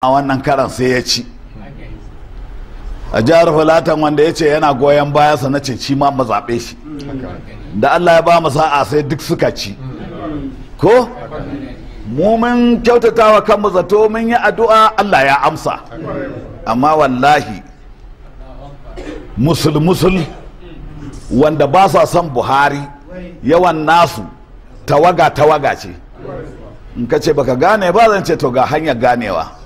a wannan karan sai ya ci a jihar hulatan wanda ya ce yana goyon bayansa na ce ci ma mazaɓe shi da allah ya ba mu sa'a sai duk suka ci ko mu mun kyautata wa mu zato mun yi addu'a allah ya amsa amma wallahi musul-musul wanda ba sa son buhari yawan nasu tawaga-tawaga ce in ka ce baka gane ba zan ce to ga hanyar ganewa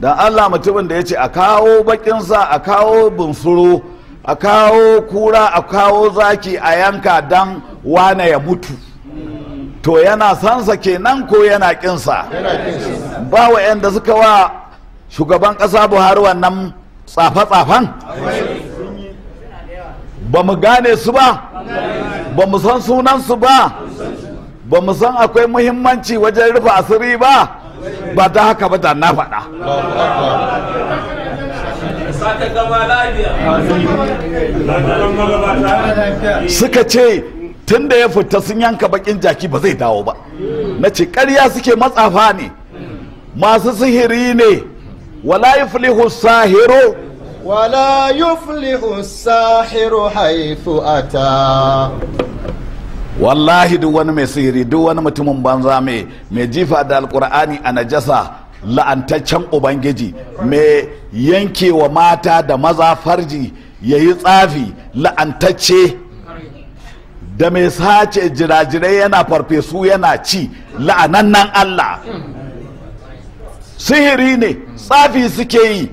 dan Allah mutumin da ya ce a kawo bakinsa a kawo bunsuro a kawo kura a kawo zaki a yanka dan wane ya mutu to yana sansa kenan ko yana kinsa ba wa da suka wa shugaban ƙasa buhari wannan tsafe-tsafen ba mu gane su ba ba mu san sunansu ba ba mu san akwai muhimmanci wajen rufe asiri ba ba ta haka ba da na faɗa suka ce tun da ya fita sun yanka bakin jaki ba zai dawo ba na ce karya suke matsafa ne masu sihiri ne wala yuflihu sahiru wala yuflihu sahiru haifu ata wallahi duk wani mai sihiri duk wani mutumin banza mai mai jifa da alkur'ani a najasa la'antaccen ubangiji mai yankewa mata da maza farji ya yi tsafi la'antacce da mai sace jirajirai yana farfesu yana ci la'anannan allah sihiri ne tsafi suke yi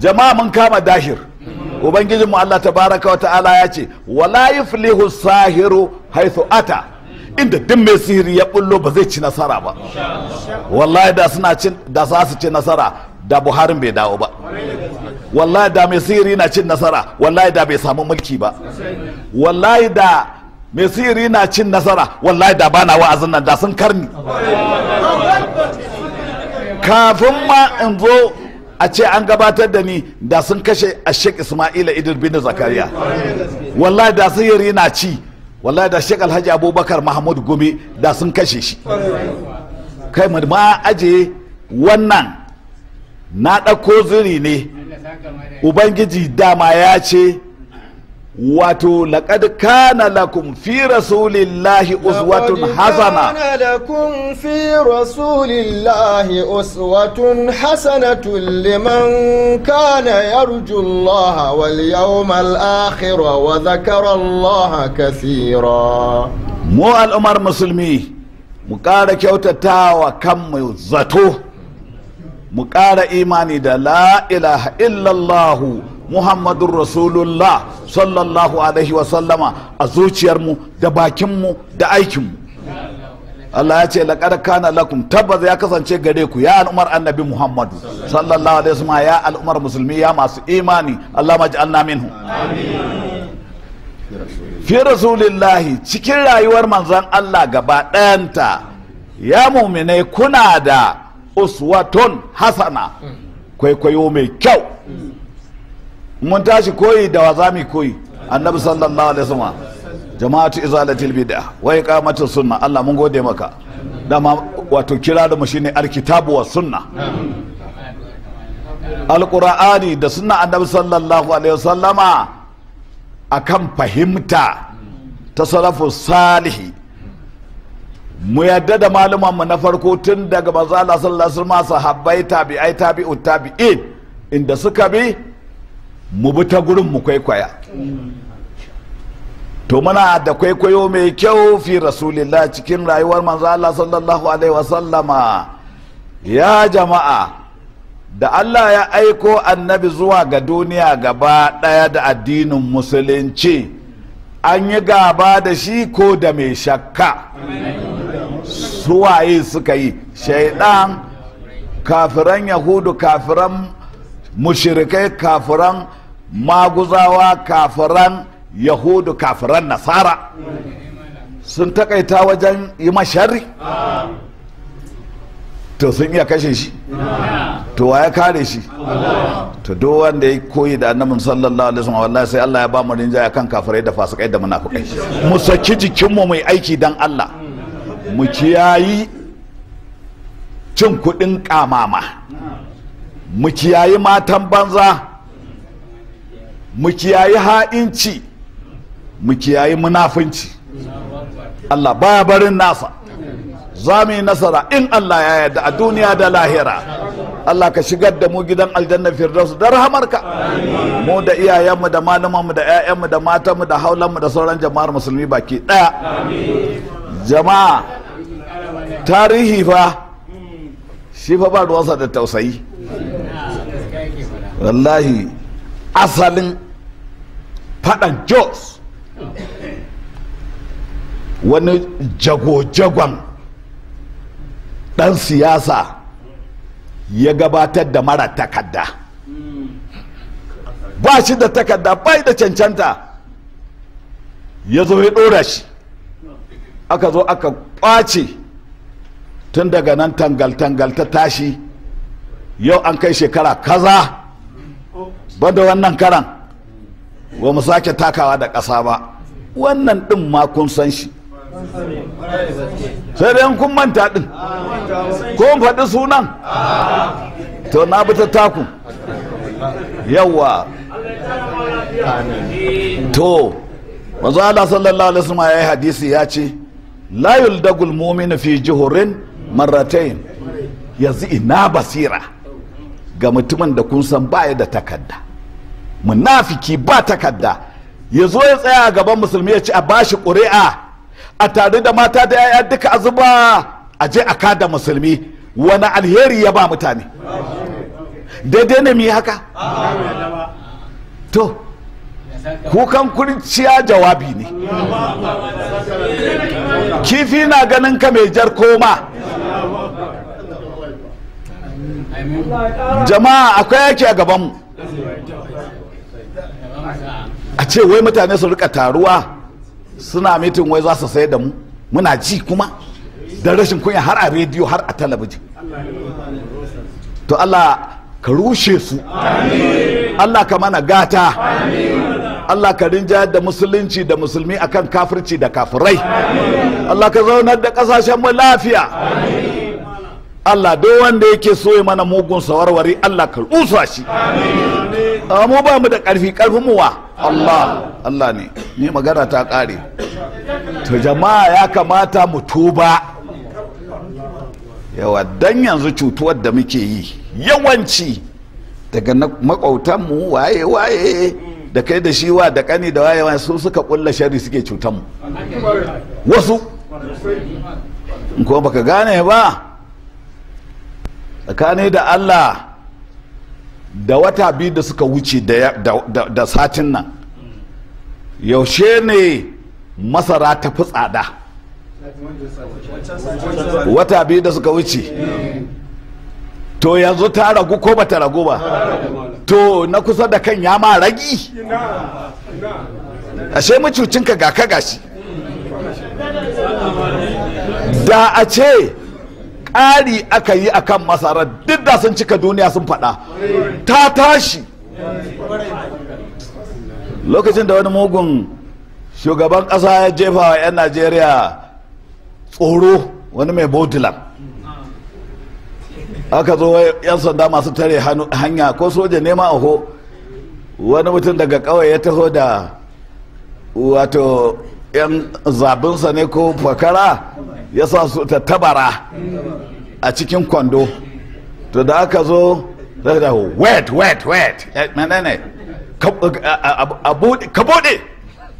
jama'a mun kama dahir ubangijin mu Allah tabaraka wa ta'ala ya ce wala yuflihu sahiru haithu ata inda duk mai sihiri ya bullo ba zai ci nasara ba wallahi da suna cin da za su ci nasara da Buhari bai dawo ba wallahi da mai sihiri na cin nasara wallahi da bai samu mulki ba wallahi da mai sihiri na cin nasara wallahi da bana wa'azin nan da sun karni kafin ma in zo a ce an gabatar da ni da sun kashe a sheik ismaila idil bin zakariya wallahi da sun yari na ci wallahi da sheik alhaji abubakar mahmud gumi da sun kashe shi kai mu ma aje wannan na ɗauko zuri ne ubangiji dama ya ce wato laƙad kana lakum fi rasulillahi uswatun hasana kana lakum fi rasulillahi uswatun hasanatun liman kana yarju Allah wal yawmal akhir wa dhakara Allah kathira mu al'ummar musulmi mu ƙara kyautatawa kanmu zato mu ƙara imani da la ilaha illallahu muhammadun rasulullah sallallahu alaihi wasallama a zuciyarmu da bakinmu da aikinmu Allah ya ce laƙar kana lakum tabbas ya kasance gare ku ya al'umar annabi Muhammadu sallallahu alaihi wasallama ya al'umar musulmi ya masu imani Allah maj'alna minhu fi rasulillahi cikin rayuwar manzon Allah gaba ɗayanta ya muminai kuna da uswatun hasana kwaikwayo mai kyau mun tashi koyi da wa mu koyi annabi sallallahu alaihi wasallam jama'atu izalatil bid'a wa iqamatu sunna Allah mun gode maka ma wato kira da mu shine alkitabu was sunna alqur'ani da sunna annabi sallallahu alaihi wasallama akan fahimta ta salafu salihi mu yadda da mu na farko tun daga manzo Allah sallallahu alaihi wasallam sahabbai tabi'ai tabi'ut tabi'in inda suka bi mu bi ta gurin mu kwaikwaya to muna da kwaikwayo mai kyau fi rasulillah cikin rayuwar manzo Allah sallallahu alaihi wasallama ya jama'a da Allah ya aiko annabi zuwa ga duniya gaba daya da addinin musulunci an yi gaba da shi ko da mai shakka suwaye suka yi shaidan kafiran yahudu kafiran mushirikai kafiran maguzawa kafiran yahudu kafiran nasara sun takaita wajen yi mashari to sun iya kashe shi to wa ya kare shi to do wanda ya koyi da annabin sallallahu alaihi wasallam wallahi sai Allah ya ba mu rinjaya kan kafirai da fasikai da munafikai mu saki jikinmu mai aiki dan Allah mu kiyayi cin kudin kamama mu kiyayi matan banza mu kiyayi ha'inci mu kiyayi munafunci Allah baya barin nasa za mu yi nasara in Allah ya yarda a duniya da lahira Allah ka shigar da mu gidan aljanna firdaus da rahamarka mu da iyayenmu da malamanmu da ƴaƴanmu da matanmu da haulanmu da sauran jama'ar musulmi baki daya jama'a tarihi fa shi fa ba ruwansa da tausayi wallahi asalin faɗan jos wani jago-jagon ɗan siyasa ya gabatar da mara takarda ba shi da takarda bai da cancanta ya zo ya ɗora shi aka zo aka ɓace. tun daga nan tangal-tangal ta tashi yau an kai shekara kaza banda wannan karan ba mu sake takawa da ƙasa ba wannan ɗin ma kun san shi sai dai kun manta ɗin kun faɗi sunan to na bi ta taku yawa to manzo Allah sallallahu alaihi wasallam yi hadisi ya ce la yuldagul mu'minu fi juhurin marratayn yanzu ina basira ga mutumin da kun san baya da takadda munafiki ba takarda ya zo ya tsaya a gaban musulmi ya ce a bashi ƙuri'a a tare da mata da 'ya'ya duka a zuba a je a kada musulmi wani alheri ya ba mutane daidai ne mu yi haka to kukan kurciya jawabi ne kifi na ganin ka mai jar koma jama'a akwai yake a gabanmu a ce wai mutane su rika taruwa suna mitin wai za su sayar da mu muna ji kuma da rashin kunya har a rediyo har a talabijin to Allah ka rushe su Allah ka mana gata Allah ka rinjayar da musulunci da musulmi akan kafirci da kafirai Allah ka zaunar da kasashen mu lafiya Allah duk wanda yake so ya mana mugun sawarware Allah ka rusa shi mu ba mu da karfi karfin mu wa Allah Allah ne ni magana ta kare to jama'a ya kamata mu tuba yawa dan yanzu cutuwar da muke yi yawanci daga makwautan mu waye waye da kai da shi wa da kani da waye waye su suka kulla shari suke cutan mu wasu in kuma baka gane ba tsakani da allah da wata biyu da suka wuce da satin nan yaushe ne masara ta fi tsada wata biyu da suka wuce to yanzu ta ragu ko bata ragu ba to na kusa da kan ya ma ragi ashe mucucinka ga ka gashi da a ce ƙari aka yi a kan masara duk da sun cika duniya sun faɗa ta tashi lokacin da wani mugun shugaban ƙasa ya jefa wa 'yan najeriya tsoro wani mai botulan aka zo 'yan sanda masu tare hanya ko soja nema aho wani mutum daga kawai ya taho da wato 'yan zabinsa ne ko fakara ya sa su ta tabara a cikin kwando to da aka zo zai da wet wet wet menene ka bude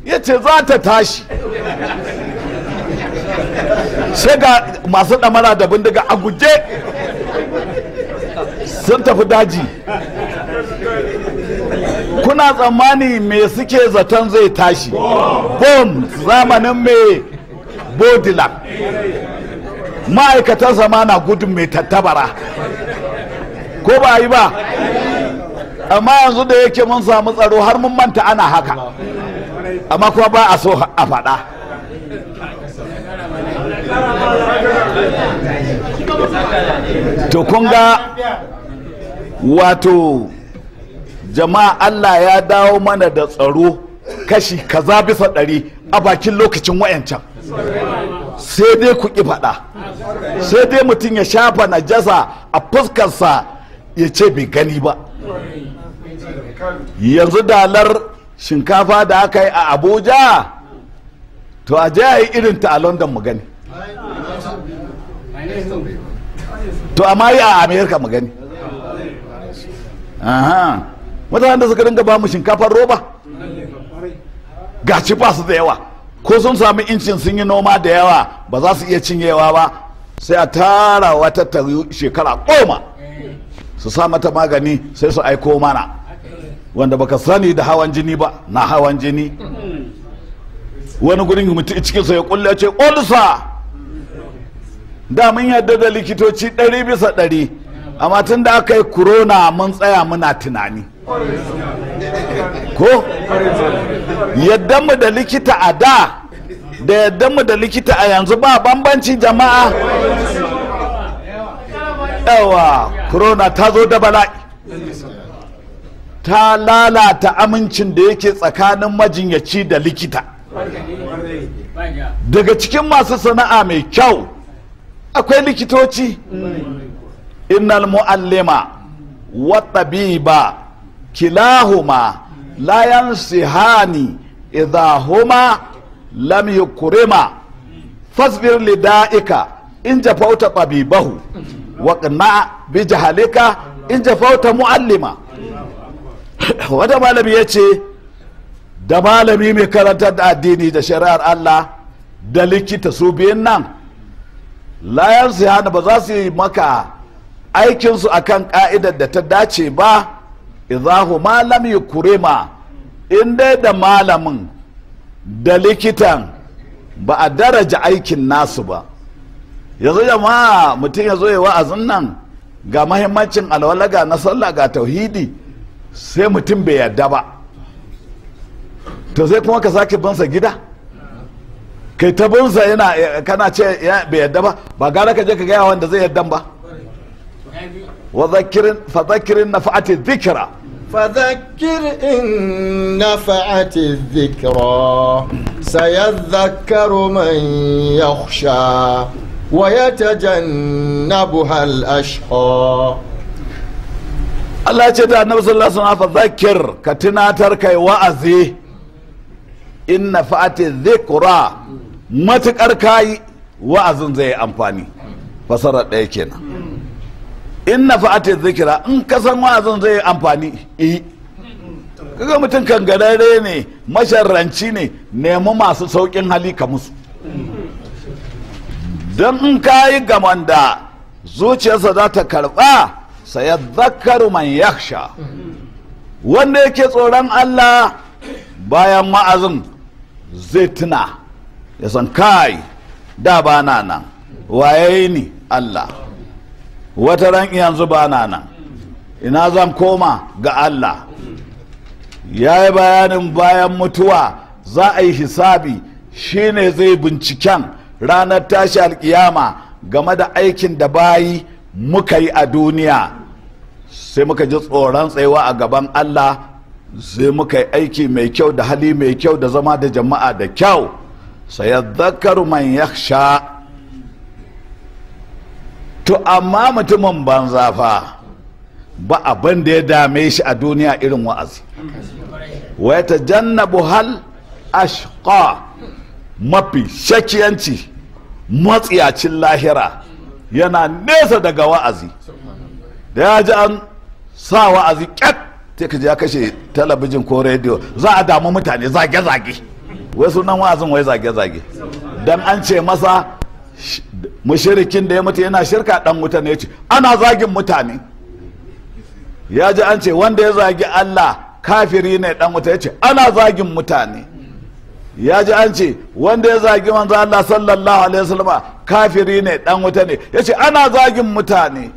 ya ce za ta tashi sai ga masu damara da bindiga a guje sun tafi daji kuna tsammani me suke zaton zai tashi bom zamanin mai bodila ma'aikatan zama na gudun mai tattabara ko ba yi ba amma yanzu da yake mun samu tsaro har mun manta ana haka amma kuma ba a so a faɗa to kun ga wato jama'a Allah ya dawo mana da tsaro kashi kaza bisa ɗari a bakin lokacin wayancan sai dai ku ƙi faɗa sai dai mutum ya shafa na jasa a fuskarsa ya ce bai gani ba yanzu dalar shinkafa da aka yi a abuja to a je a yi irinta a london mu gani to amma yi a amerika mu gani mutanen da suka dinga ba mu shinkafar roba gaci ba su da yawa ko sun sami incin sun yi noma da yawa ba za su iya cinyewa ba sai a tara wata tari shekara goma su sa mata magani sai su aiko mana wanda baka sani da hawan jini ba na hawan jini wani gurin mutum cikinsa ya kulle ce ulsa da mun yadda da likitoci ɗari bisa ɗari amma tun da aka yi corona mun tsaya muna tunani ko yadda mu da likita a da da yadda mu da likita a yanzu ba bambanci jama'a yawa corona ta zo da bala'i ta lalata amincin da yake tsakanin majinyaci da likita daga cikin masu sana'a mai kyau akwai likitoci innal mu'allima wa tabiba kilahuma layan sihani idha huma lam yukrima fasbir lida'ika in jafauta tabibahu wa qna bi jahalika in jafauta muallima wata malami ya ce da malami mai karantar da addini da shari'ar Allah da likita su biyun nan layan su ba za su yi maka aikinsu akan ka'idar da ta dace ba Izahu malam ya in dai da malamin da likitan ba a daraja aikin nasu ba yanzu jama'a mutum ya zo ya wa'azin nan ga mahimmancin alwalaga na sallah ga tauhidi sai mutum bai yarda ba to sai kuma ka sake bansa gida kai ta bansa yana kana ce bai yarda ba ba gara ka je ka gaya wanda zai yarda ba وذكر فذكر نفعت الذكرى فذكر إن نفعت الذكرى سيذكر من يخشى ويتجنبها الأشقى Allah ce ta annabi sallallahu alaihi wasallam zakir ka tunatar kai wa'azi in nafa'ati dhikra matukar kayi, wa'azin zai amfani Fasarar ɗaya kenan in na fa'ata zikira in ka san wa'azin zai amfani eh kaga mutum dare ne masharranci ne nemi masu saukin hali ka musu don in ka yi gaman da zuciyarsa za ta karɓa sai zakaru man yaksha wanda yake tsoron allah bayan ma'azin zai tuna ya san kai da ba na nan waye ni allah wata ran yanzu ba na nan ina zan koma ga Allah ya yi bayanin bayan mutuwa za a yi hisabi shine zai binciken ranar tashi alkiyama game da aikin da bayi muka yi a duniya sai muka ji tsoron tsayuwa a gaban Allah sai muka yi aiki mai kyau da hali mai kyau da zama da jama'a da kyau sai ya zakaru man sha. to amma mutumin banza fa ba abin da ya dame shi a duniya irin wa'azi wa ta jannabu hal ashqa mafi shakiyanci matsiyacin lahira yana nesa daga wa'azi da ya ji an sa wa'azi ƙyat sai ka ji ya kashe talabijin ko rediyo za a damu mutane zage-zage wai sunan wa'azin wai zage-zage don an ce masa mushirikin da ya mutu yana shirka dan wuta ne ce ana zagin mutane ya ji an ce wanda ya zagi Allah kafiri ne dan wuta ya ce ana zagin mutane ya ji an ce wanda ya zagi manzo Allah sallallahu alaihi wasallam kafiri ne dan wuta ne ya ce ana zagin mutane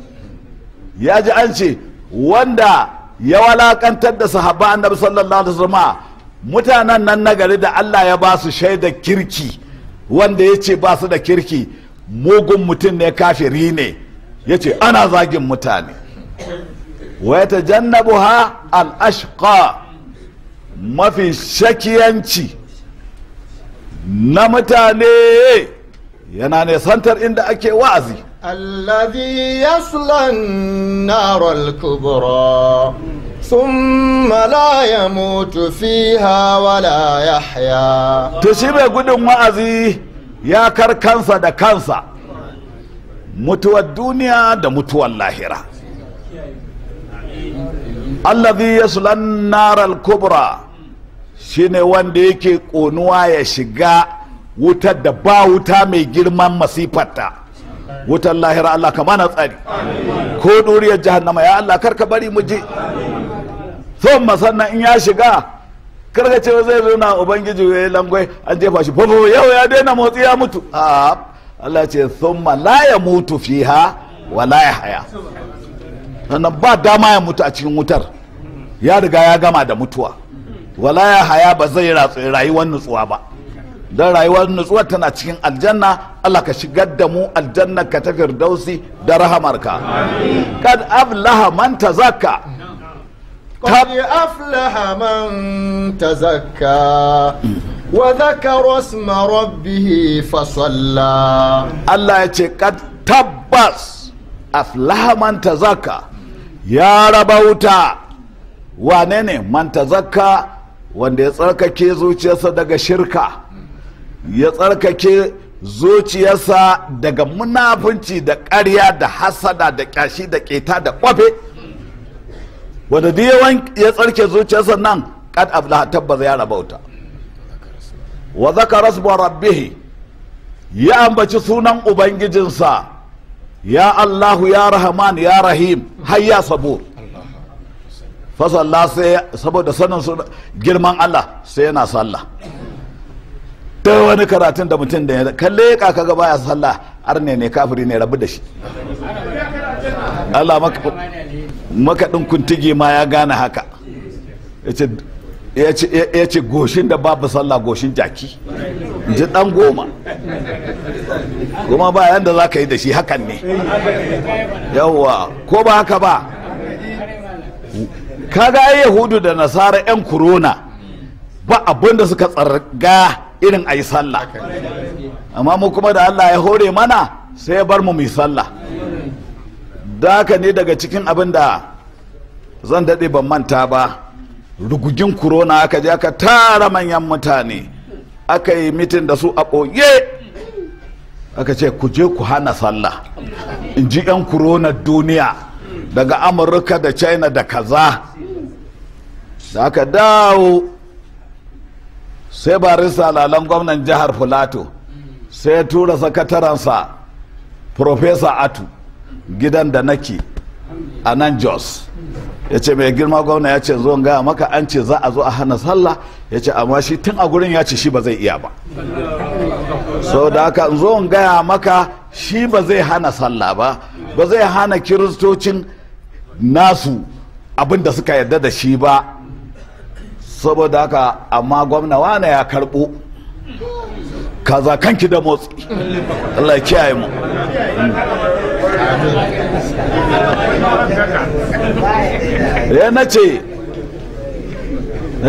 ya ji an ce wanda ya walakantar da sahaba annabi sallallahu alaihi wasallam mutanen nan nagari da Allah ya ba su shaidar kirki wanda ya ce ba su da kirki mugun mutum ne kafiri ne ya ce ana zagin mutane waya ta jannabu ha al'ashqa mafi shakiyanci na mutane yana nesantar inda ake wa'azi الذي يصلى النار الكبرى summa la ya mutu to shi mai gudun wa'azi ya kar kansa da kansa mutuwar duniya da mutuwar lahira allazi yaslan naral kubra shine wanda yake konuwa ya shiga wutar da ba wuta mai girman masifarta wutan lahira Allah ka mana tsari ko duriyar jahannama ya Allah karka bari mu je son sannan in ya shiga karka ce zai zauna ubangiji ya langwai an jefa shi fofo yau ya daina motsi ya mutu a Allah ce thumma la ya mutu fiha wa la ya haya sannan ba dama ya mutu a cikin wutar ya riga ya gama da mutuwa wala ya haya ba zai ratsu rayuwar nutsuwa ba don rayuwar nutsuwa tana cikin aljanna Allah ka shigar da mu aljanna ka ta firdausi da rahamarka kad aflaha man tazakka kad aflaha man tazakka wa zakara isma rabbih fasalla Allah ya ce kad tabbas aflaha man tazakka ya raba wuta wane ne man tazakka wanda ya tsarkake zuciyarsa daga shirka ya tsarkake zuciyarsa daga munafunci da ƙarya da hasada da ƙyashi da ƙeta da ƙwafe wadda duk ya tsarke zuciyarsa nan da ablaha tabbas ya rabauta wa zakara su rabbihi ya ambaci sunan ubangijinsa ya allahu ya rahman ya rahim har ya sabo fasalla sai saboda sanin girman allah sai yana sallah ta wani karatun da mutum da ya kalle ka kaga baya sallah arne ne kafiri ne rabu da shi Allah makaɗin kuntigi ma ya gane haka ya ce goshin da babu sallah goshin jaki ji dan goma goma ba yanda za ka yi da shi hakan ne yawwa ko ba haka ba kaga yahudu da nasara 'yan corona ba abinda suka tsarga irin a yi sallah amma mu kuma da Allah ya hore mana sai ya bar mu mu yi sallah da haka ne daga cikin abin da zan daɗe ban manta ba rugugin corona aka je aka tara manyan mutane aka yi mitin da su a ɓoye aka ce ku je ku hana sallah in ji 'yan corona duniya daga amurka da china da kaza da aka dawo sai ba risalalan gwamnan jihar filato sai ya tura sakataransa profesa atu gidan da nake a nan jos ya ce mai girma gwamna ya ce zo gaya maka an ce za a zo a hana sallah ya ce amma shi tun a gurin ya ce shi ba zai iya ba sau da haka zo gaya maka shi ba zai hana sallah ba ba zai hana kiristocin nasu abinda suka yarda da shi ba saboda haka amma gwamna wane ya karbo kaza kanki da motsi Allah ya kiyaye mu ya eh, nace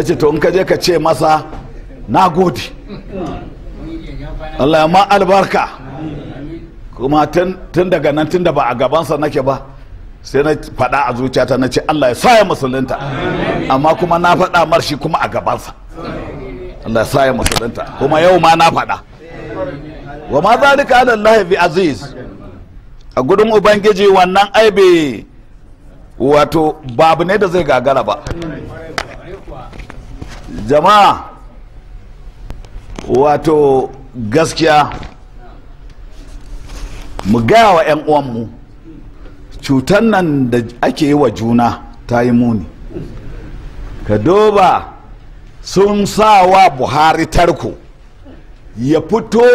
ce to in ka je ka ce masa na gode Allah ya ma albarka kuma tun daga nan tun da ba a gabansa nake ba sai na faɗa a zuciyata na ce Allah ya sa ya musulunta amma kuma na faɗa marshi kuma a gabansa Allah ya sa ya musulunta kuma yau ma na faɗa wa ma zalika ala Allah bi aziz a gudun ubangiji wannan aibe wato babu ne da zai gagara ba jama'a wato gaskiya mu gaya wa 'yan uwanmu cutar nan da ake yi wa juna ta yi muni ka doba sun sa wa buhari tarko ya fito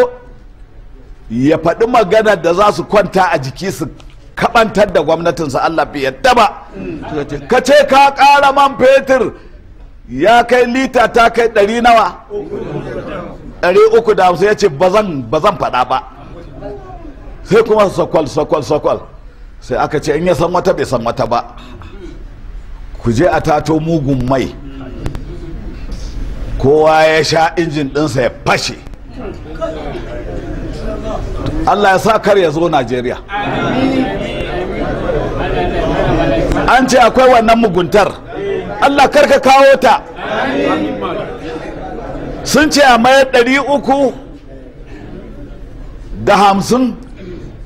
ya faɗi magana da za su kwanta a jiki su kabantar da gwamnatinsa allah bai yadda ba ka ce ka ƙara man fetur ya kai lita ta kai ɗari nawa ɗari uku da hamsin ya ce ba zan faɗa ba sai kuma sakwal sakwal sakwal sai aka ce in ya san wata bai san wata ba ku je a tato mugun mai kowa ya sha injin ɗinsa ya fashe allah ya sa kar ya zo najeriya an ce akwai wannan muguntar allah kar ka kawo ta sun ce a mayar ɗari uku da hamsin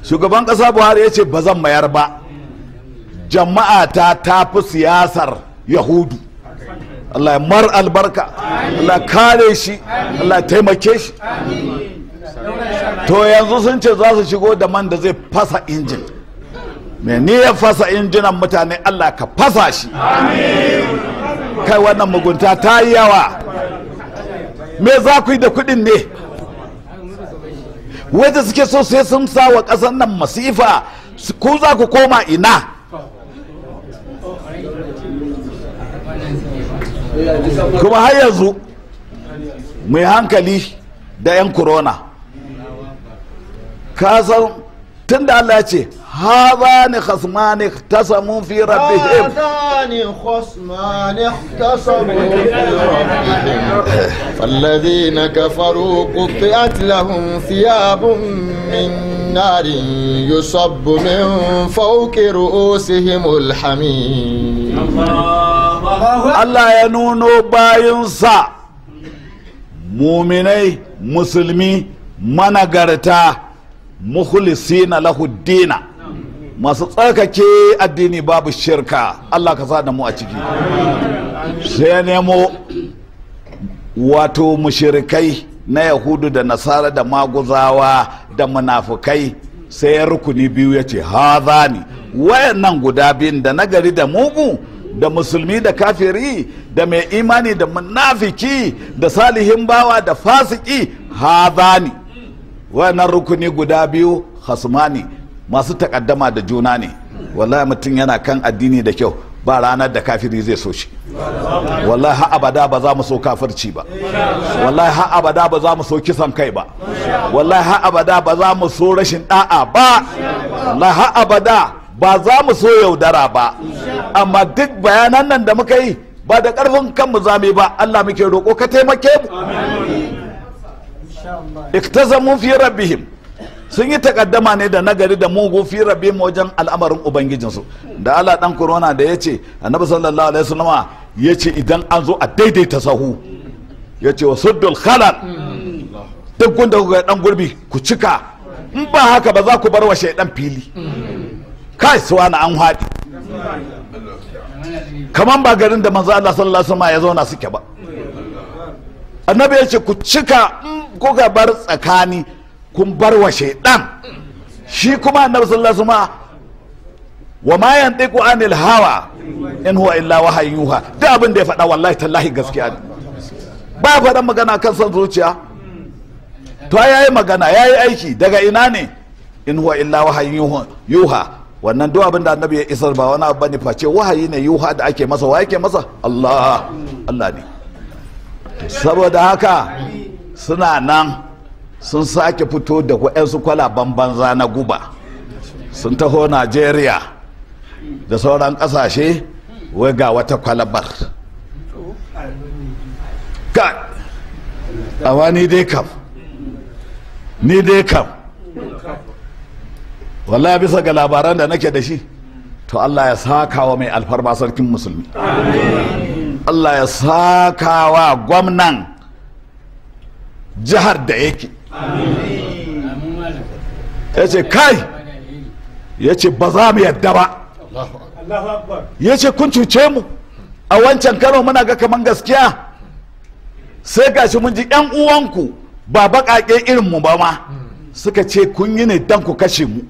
shugaban ƙasa buhari ya ce ba zan mayar ba jama'a ta tafi siyasar yahudu Allah ya mar albarka Allah kare shi Allah taimake shi to yanzu sun ce za su shigo da man da zai fasa injin me ya fasa injinan mutane Allah ka fasa shi kai wannan mugunta ta yi yawa me za ku yi da kuɗin ne da suke so sai sun sa wa ƙasar nan masifa ku za ku koma ina kuma har yanzu mai hankali da 'yan corona ka san tun da allah ce هذان خصمان اختصموا في ربهم هذان خصمان اختصموا في ربهم فالذين كفروا قطعت لهم ثياب من نار يصب من فوق رؤوسهم الحميم الله ينونو باينصا مؤمني مسلمي منغرتا مخلصين له الدين masu tsarkake addini babu shirka Allah ka sa da mu a ciki sai nemo wato mushirikai na yahudu da nasara da maguzawa da munafukai sai ya rukuni biyu ya ce haza ne wayannan guda biyun da nagari da mugu da musulmi da kafiri da mai imani da munafiki da salihin bawa da fasiki haza ne wayannan rukuni guda biyu hasmani masu takaddama da juna ne wallahi mutum yana kan addini da kyau ba ranar da kafiri zai so shi wallahi ha abada ba za mu so kafirci ba wallahi ha abada ba za mu so kisan kai ba wallahi ha abada ba za mu so rashin da'a ba wallahi ha abada ba za mu so yaudara ba amma duk bayanan nan da muka yi ba da karfin kanmu za mu yi ba Allah muke roƙo ka taimake mu iktazamu fi rabbihim sun yi takaddama ne da nagari da mugu fi rabe wajen al'amarin ubangijinsu da Allah dan corona da ya ce annabi sallallahu alaihi wasallama ya ce idan an zo a daidaita sahu ya ce wa suddul khalal duk gunda ga dan gurbi ku cika in ba haka ba za ku bar wa shaidan fili kai suwa na an haɗi kaman ba garin da manzo Allah sallallahu alaihi wasallama ya zauna suke ba annabi ya ce ku cika kuka bar tsakani kun bar wa shaidan shi kuma annabi sallallahu alaihi wa ma yantiqu anil hawa in huwa illa wahayin yuha duk abin da ya faɗa wallahi tallahi gaskiya ne ba faɗa magana kan son zuciya to yayi magana yayi aiki daga ina ne in huwa illa wahayin yuha wannan duk abin da annabi ya isar ba wani abu bane face wahayi ne yuha da ake masa wa yake masa Allah Allah ne saboda haka suna nan sun sake fito da waɗansu kwalaban banza na guba sun taho najeriya da sauran ƙasashe wai ga wata kwalabar awa ni dai kam ni dai kam wallahi bisa ga labaran da nake da shi to allah ya saka wa mai alfarma sarkin musulmi allah ya saka wa gwamnan jihar da yake ya ce kai ya ce ba za mu yadda ba ya ce kun cuce mu a wancan kano muna ga kamar gaskiya sai gashi mun ji yan uwanku ba baƙaƙe irin mu ba ma suka ce kun yi ne don ku kashe mu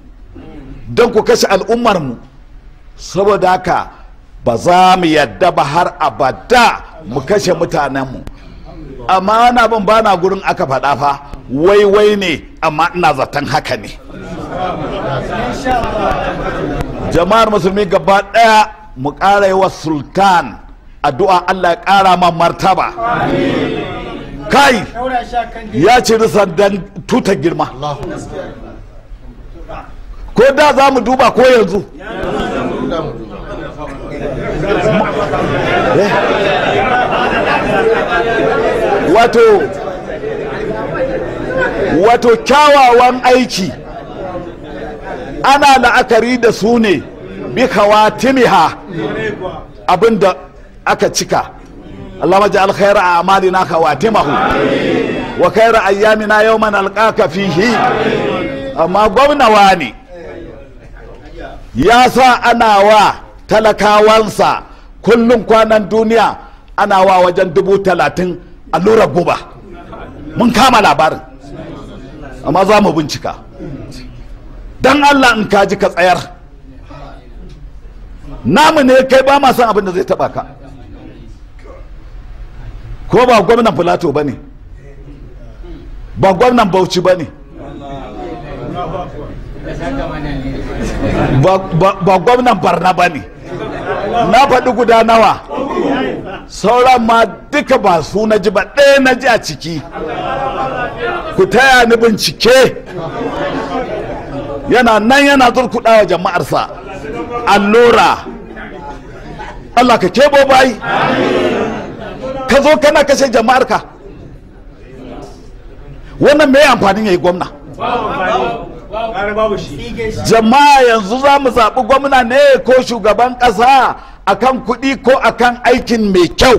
don ku kashe al'ummar mu saboda haka ba za mu yadda ba har abada mu kashe mutanen mu? amma na ban bana gurin aka faɗa fa wai wai ne amma ina zaton haka ne jama'ar musulmi gaba ɗaya mu ƙara yi wa sultan addu'a allah ya ƙara ma martaba kai ya ci sandan tuta girma ko da za mu duba ko yanzu eh. wato wato kyawawan aiki ana la'akari da su ne bi timiha abinda aka cika Allah maji alkhaira a kawa timahu wa khaira yau mana alƙaƙa fihi amma gwamnawa ne ya sa ana wa talakawansa kullum kwanan duniya ana wa wajen dubu talatin allurar goba mun kama labarin amma za mu bincika don allah in kaji ka tsayar namu ne kai ba ma san abin da zai taba ka ko ba gwamnan filato ba ba gwamnan bauchi ba ba gwamnan barna ba na faɗi guda nawa sauran ma duka ba su na ji ba ɗaya na ji a ciki ku taya ni bincike yana nan yana turkuɗa wa jama'arsa allura Allah ka kebo bai ka zo kana kashe jama'arka wannan mai amfani ya yi gwamna jama'a yanzu za mu zaɓi gwamna ne ko shugaban ƙasa akan kuɗi ko akan aikin mai kyau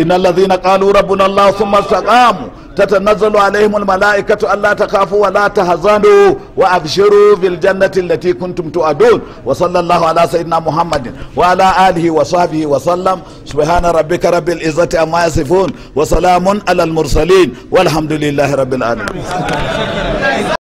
inna lazina qalu rabbuna allah thumma istaqamu tatanazzalu alaihim almalaikatu alla takhafu wa la tahzanu wa abshiru bil jannati allati kuntum tu'adun wa sallallahu ala sayyidina muhammadin wa ala alihi wa sahbihi wa sallam subhana rabbika rabbil izzati amma yasifun wa salamun alal mursalin walhamdulillahi rabbil alamin